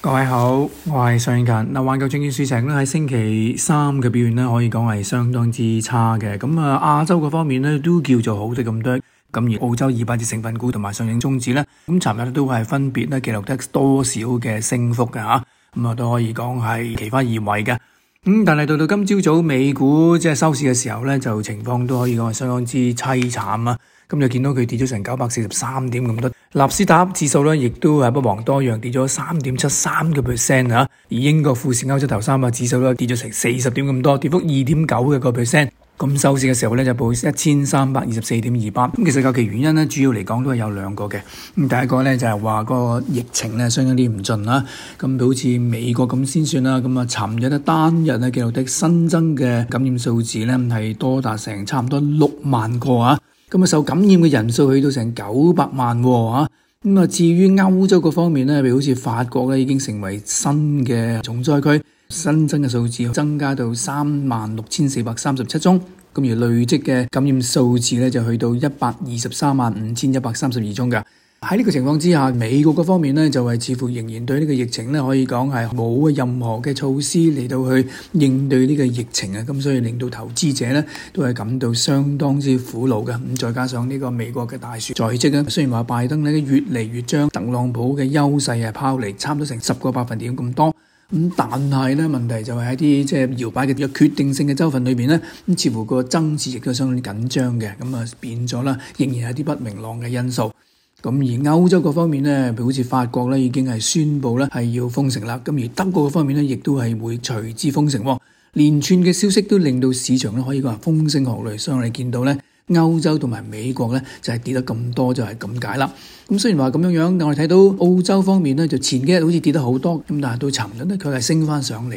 各位好，我係宋慶勤。嗱，環球證券市場咧喺星期三嘅表現咧，可以講係相當之差嘅。咁啊，亞洲嗰方面咧都叫做好啲咁多。咁而澳洲二百隻成分股同埋上證綜指咧，咁尋日都係分別咧記錄得多少嘅升幅嘅吓，咁啊都可以講係企返二位嘅。咁、嗯、但係到到今朝早，早美股即係收市嘅時候咧，就情況都可以講係相當之淒慘啊。今日見到佢跌咗成九百四十三點咁多，納斯達克指數咧，亦都係不遑多讓，跌咗三點七三個 percent 啊。而英國富士歐洲頭三百指數咧，跌咗成四十點咁多，跌幅二點九個 percent。咁、嗯、收市嘅時候咧，就報一千三百二十四點二八。咁、嗯、其實究其原因咧，主要嚟講都係有兩個嘅。咁、嗯、第一個咧就係、是、話個疫情咧相應啲唔盡啦。咁好似美國咁先算啦，咁啊，尋日單日咧記錄的新增嘅感染數字咧，係多達成差唔多六萬個啊。咁啊，受感染嘅人數去到成九百萬喎，吓，咁啊，至於歐洲嗰方面咧，譬如好似法國咧，已經成為新嘅重災區，新增嘅數字增加到三萬六千四百三十七宗，咁而累積嘅感染數字咧就去到一百二十三萬五千一百三十二宗㗎。喺呢個情況之下，美國嗰方面咧就係、是、似乎仍然對呢個疫情咧可以講係冇任何嘅措施嚟到去應對呢個疫情啊，咁、嗯、所以令到投資者咧都係感到相當之苦惱嘅。咁、嗯、再加上呢個美國嘅大選在即咧，雖然話拜登咧越嚟越將特朗普嘅優勢啊拋離差唔多成十個百分點咁多，咁、嗯、但係咧問題就係喺啲即係搖擺嘅有決定性嘅州份裏邊咧，咁、嗯、似乎個爭持亦都相當緊張嘅，咁、嗯、啊變咗啦，仍然係啲不明朗嘅因素。咁而歐洲嗰方面咧，譬如好似法國咧，已經係宣佈咧係要封城啦。咁而德國嘅方面咧，亦都係會隨之封城。連串嘅消息都令到市場咧可以講係風聲鶴唳。所以我哋見到咧，歐洲同埋美國咧就係跌得咁多就，就係咁解啦。咁雖然話咁樣樣，但我哋睇到澳洲方面咧，就前幾日好似跌得好多，咁但係到尋日咧，佢係升翻上嚟。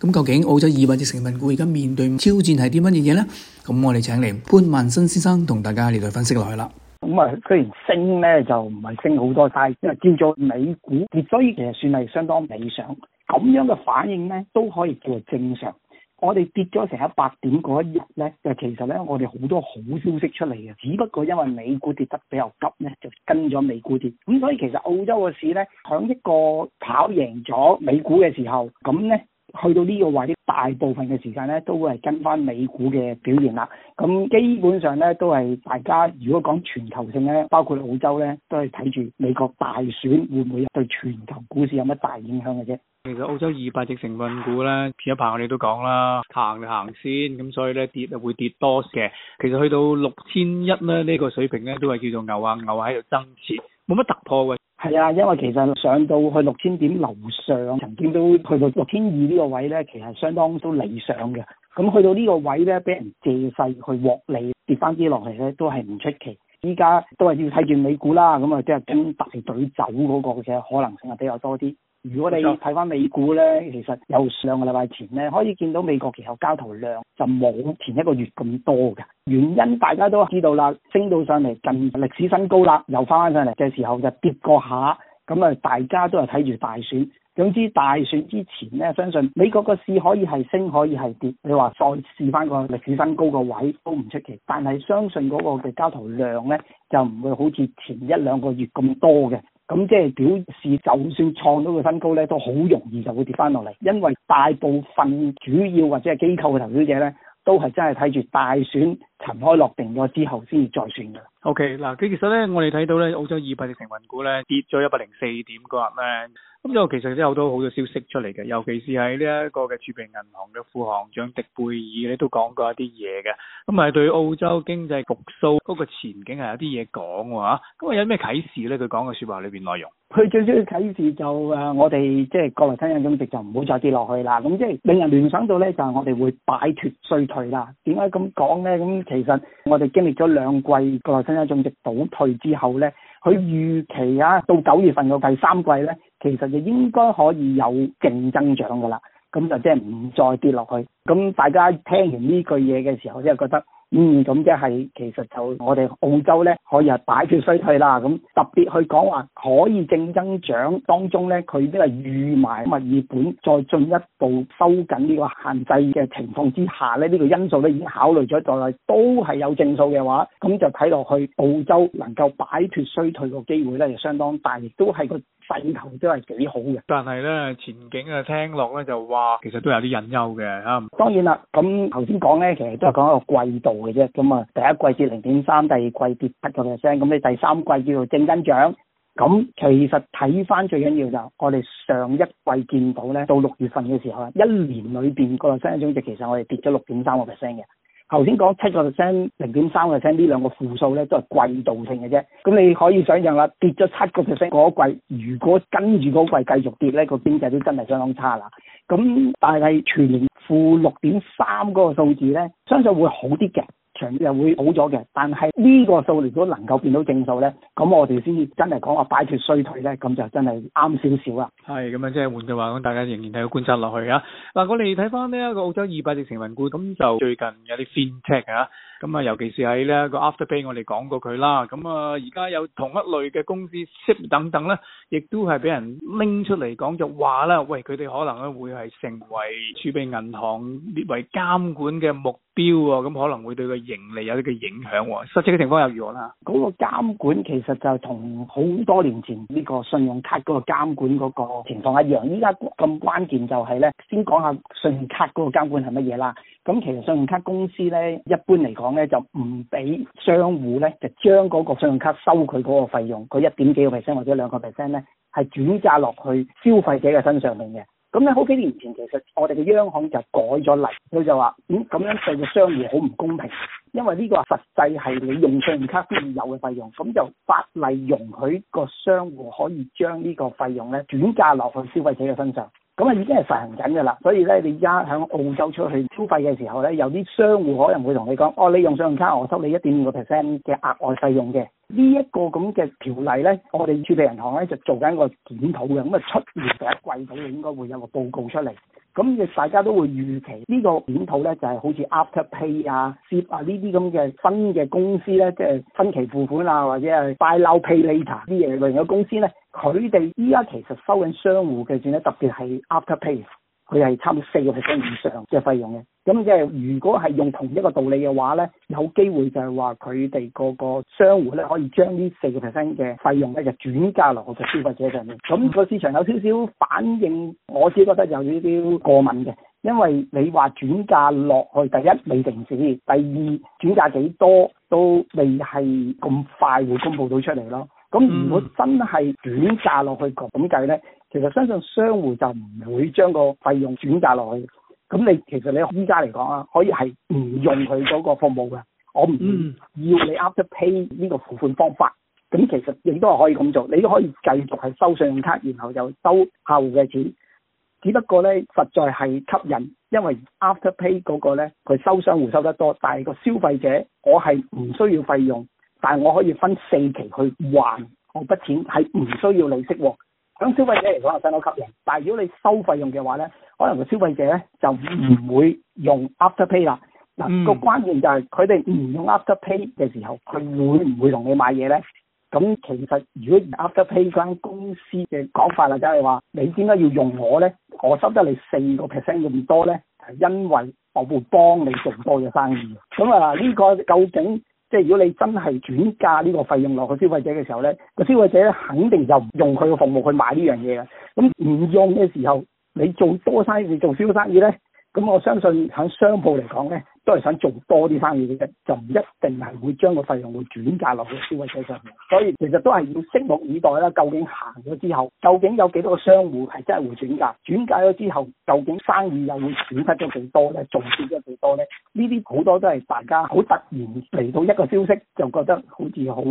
咁究竟澳洲二百隻成分股而家面對挑戰係啲乜嘢嘢咧？咁我哋請嚟潘萬新先生同大家嚟到分析落去啦。咁啊，嗯、雖然升咧就唔係升好多，但係因為跌咗美股，所以其實算係相當理想。咁樣嘅反應咧都可以叫做正常。我哋跌咗成一百點嗰一日咧，就其實咧我哋好多好消息出嚟嘅，只不過因為美股跌得比較急咧，就跟咗美股跌。咁所以其實澳洲嘅市咧，響一個跑贏咗美股嘅時候，咁咧。去到呢個位，大部分嘅時間咧，都會係跟翻美股嘅表現啦。咁基本上呢，都係大家如果講全球性咧，包括澳洲呢，都係睇住美國大選會唔會對全球股市有乜大影響嘅啫。其實澳洲二百隻成分股呢，前一排我哋都講啦，行行先，咁所以呢，跌啊會跌多嘅。其實去到六千一呢，呢、呢個水平呢，都係叫做牛啊牛喺度增持。冇乜突破嘅，係啊，因為其實上到去六千點樓上，曾經都去到六千二呢個位呢，其實相當都理想嘅。咁去到呢個位呢，俾人借勢去獲利，跌翻啲落嚟呢，都係唔出奇。依家都係要睇住美股啦，咁啊即係等大隊走嗰個嘅可能性係比較多啲。如果你睇翻美股呢，其實有上個禮拜前呢，可以見到美國期後交投量就冇前一個月咁多嘅。原因大家都知道啦，升到上嚟近歷史新高啦，又翻翻上嚟嘅時候就跌個下，咁、嗯、啊大家都係睇住大選。總之大選之前呢，相信美國個市可以係升，可以係跌。你話再試翻個歷史新高個位都唔出奇，但係相信嗰個嘅交投量呢，就唔會好似前一兩個月咁多嘅。咁即係表示，就算創到個新高咧，都好容易就會跌翻落嚟，因為大部分主要或者係機構嘅投資者咧，都係真係睇住大選塵埃落定咗之後，先至再算嘅。OK，嗱，佢其實咧，我哋睇到咧，澳洲二百隻成份股咧，跌咗一百零四點咁樣。咁之後其實都有好多好多消息出嚟嘅，尤其是喺呢一個嘅儲備銀行嘅副行長迪貝爾咧，都講過一啲嘢嘅，咁係對澳洲經濟復蘇嗰個前景係有啲嘢講吓。咁、啊、有咩啟示咧？佢講嘅說話裏邊內容，佢最主要嘅啟示就誒、是，我哋即係國內生產總值就唔好再跌落去啦。咁即係令人聯想到咧，就係我哋會擺脫衰退啦。點解咁講咧？咁其實我哋經歷咗兩季國內生產總值倒退之後咧，佢預期啊到九月份嘅第三季咧。其實就應該可以有正增長嘅啦，咁就即係唔再跌落去。咁大家聽完呢句嘢嘅時候，即係覺得嗯，咁即係其實就我哋澳洲呢，可以係擺脫衰退啦。咁特別去講話可以正增長當中呢，佢呢個預埋墨爾本再進一步收緊呢個限制嘅情況之下呢，呢、這個因素呢已經考慮咗在內，都係有正數嘅話，咁就睇落去澳洲能夠擺脫衰退個機會呢，就相當大，亦都係個。勢頭都係幾好嘅，但係咧前景啊聽落咧就話其實都有啲隱憂嘅嚇。當然啦，咁頭先講咧，其實都係講一個季度嘅啫。咁啊，第一季跌零點三，第二季跌不夠 percent，咁你第三季叫做正增長。咁其實睇翻最緊要就我哋上一季見到咧，到六月份嘅時候，一年裏邊個增長就其實我哋跌咗六點三個 percent 嘅。頭先講七個 percent 零點三個 percent 呢兩個負數咧都係季度性嘅啫，咁你可以想象啦，跌咗七個 percent 嗰季，如果跟住嗰季繼續跌咧，個經濟都真係相當差啦。咁但係全年負六點三嗰個數字咧，相信會好啲嘅。長又會好咗嘅，但係呢個數字如果能夠變到正數咧，咁我哋先至真係講話擺脱衰退咧，咁就真係啱少少啦。係咁樣，即係換句話講，大家仍然睇到觀察落去啊。嗱，我哋睇翻呢一個澳洲二百隻成份股，咁就最近有啲 FinTech 啊。咁啊、嗯，尤其是係咧個 Afterpay，我哋講過佢啦。咁、嗯、啊，而家有同一類嘅公司 ship 等等咧，亦都係俾人拎出嚟講，就話啦，喂，佢哋可能咧會係成為儲備銀行列為監管嘅目標啊。嗯，咁可能會對個盈利有啲嘅影響喎。實際嘅情況又如何啦？嗰個監管其實就同好多年前呢個信用卡嗰個監管嗰個情況一樣。一樣，依家咁關鍵就係、是、咧，先講下信用卡嗰個監管係乜嘢啦。咁其實信用卡公司咧，一般嚟講，咧就唔俾商戶咧，就將嗰個信用卡收佢嗰個費用，佢一點幾個 percent 或者兩個 percent 咧，係轉嫁落去消費者嘅身上面嘅。咁咧好幾年前其實我哋嘅央行就改咗例，佢就話嗯咁樣對個商戶好唔公平，因為呢個實際係你用信用卡先至有嘅費用，咁就法例容許個商戶可以將呢個費用咧轉嫁落去消費者嘅身上。咁啊已經係實行緊㗎啦，所以咧你而家喺澳洲出去消費嘅時候咧，有啲商戶可能會同你講：哦，你用信用卡，我收你一點五個 percent 嘅額外費用嘅。呢一個咁嘅條例咧，我哋儲備銀行咧就做緊個檢討嘅，咁啊出年第一季度應該會有個報告出嚟。咁嘅大家都會預期、這個、呢個檢討咧，就係、是、好似 Afterpay 啊、Zip 啊呢啲咁嘅新嘅公司咧，即係分期付款啊，或者係 Buy Now Pay Later 啲嘢類型嘅公司咧，佢哋依家其實收緊商戶嘅錢咧，特別係 Afterpay 佢係差唔多四個 percent 以上嘅費用嘅。咁即係如果係用同一個道理嘅話咧，有機會就係話，佢哋個個商戶咧，可以將呢四個 percent 嘅費用咧就轉嫁落去消費者上面。咁個市場有少少反應，我自己覺得有啲啲過敏嘅，因為你話轉嫁落去，第一未停止，第二轉嫁幾多都未係咁快會公布到出嚟咯。咁如果真係轉嫁落去咁計咧，其實相信商戶就唔會將個費用轉嫁落去。咁你其實你依家嚟講啊，可以係唔用佢嗰個服務嘅，我唔要你 Afterpay 呢個付款方法。咁其實亦都係可以咁做，你都可以繼續係收信用卡，然後又收客戶嘅錢。只不過呢，實在係吸引，因為 Afterpay 嗰個呢，佢收商戶收得多，但係個消費者我係唔需要費用，但係我可以分四期去還我筆錢，係唔需要利息喎。咁消費者嚟講又真係好吸引，但係如果你收費用嘅話咧，可能個消費者咧就唔會用 Afterpay 啦。嗱、嗯、個關鍵就係佢哋唔用 Afterpay 嘅時候，佢會唔會同你買嘢咧？咁其實如果唔 Afterpay 間公司嘅講法啦，即係話你點解要用我咧？我收得你四個 percent 咁多咧，係因為我會幫你做多嘅生意。咁啊呢個究竟？即係如果你真係轉嫁呢個費用落去消費者嘅時候咧，個消費者咧肯定就唔用佢個服務去買呢樣嘢嘅。咁唔用嘅時候，你做多生意，做少生意咧？咁我相信喺商鋪嚟講咧，都係想做多啲生意嘅啫，就唔一定係會將個費用會轉嫁落去消費者上面。所以其實都係要拭目以待啦。究竟行咗之後，究竟有幾多個商戶係真係會轉嫁？轉嫁咗之後，究竟生意又會損失咗幾多咧？做少咗幾多咧？呢啲好多都係大家好突然嚟到一個消息，就覺得好似好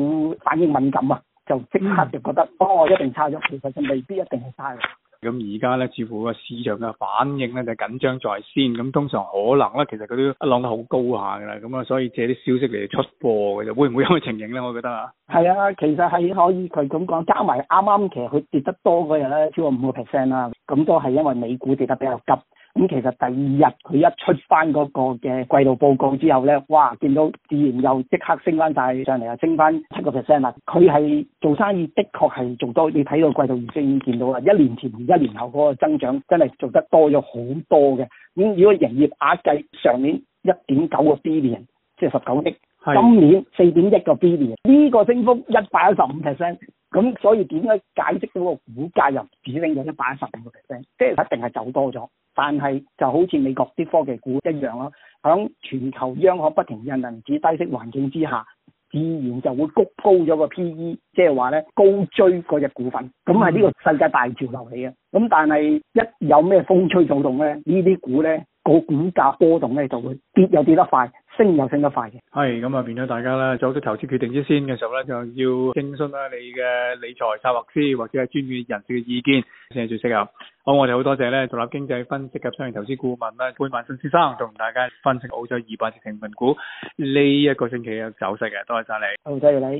反應敏感啊，就即刻就覺得、嗯、哦，我一定差咗，其實就未必一定係差嘅。咁而家咧，似乎個市場嘅反應咧就緊張在先。咁通常可能咧，其實佢都一浪得好高下嘅啦。咁啊，所以借啲消息嚟出貨嘅就會唔會有呢個情形咧？我覺得啊，係啊，其實係可以，佢咁講加埋啱啱其實佢跌得多嗰日咧，超過五個 percent 啦。咁都係因為美股跌得比較急。咁其實第二日佢一出翻嗰個嘅季度報告之後咧，哇！見到自然又即刻升翻晒上嚟，又升翻七個 percent 啦。佢係做生意，的確係做多。你睇到季度預測已經見到啦，一年前同一年後嗰個增長真係做得多咗好多嘅。咁如果營業額計上年一點九個 billion，即係十九億，是今年四點一個 billion，呢個升幅一百一十五 percent。咁所以點解解釋到個股價又只升咗一百一十五個 percent？即係一定係走多咗。但係就好似美國啲科技股一樣咯、啊，喺全球央行不停印銀紙、低息環境之下，自然就會谷高咗個 PE，即係話咧高追嗰隻股份，咁係呢個世界大潮流嚟嘅。咁但係一有咩風吹草動咧，呢啲股咧個股價波動咧就會跌，又跌得快。升又升得快嘅。係，咁啊，變咗大家咧，在做出投資決定之先嘅時候咧，就要諮詢下你嘅理財策劃師或者係專業人士嘅意見先係最適合。好，我哋好多謝咧獨立經濟分析及商業投資顧問咧潘萬新先生同大家分析澳洲二百隻成份股呢一個星期嘅走勢嘅，多謝晒你。好，謝謝你。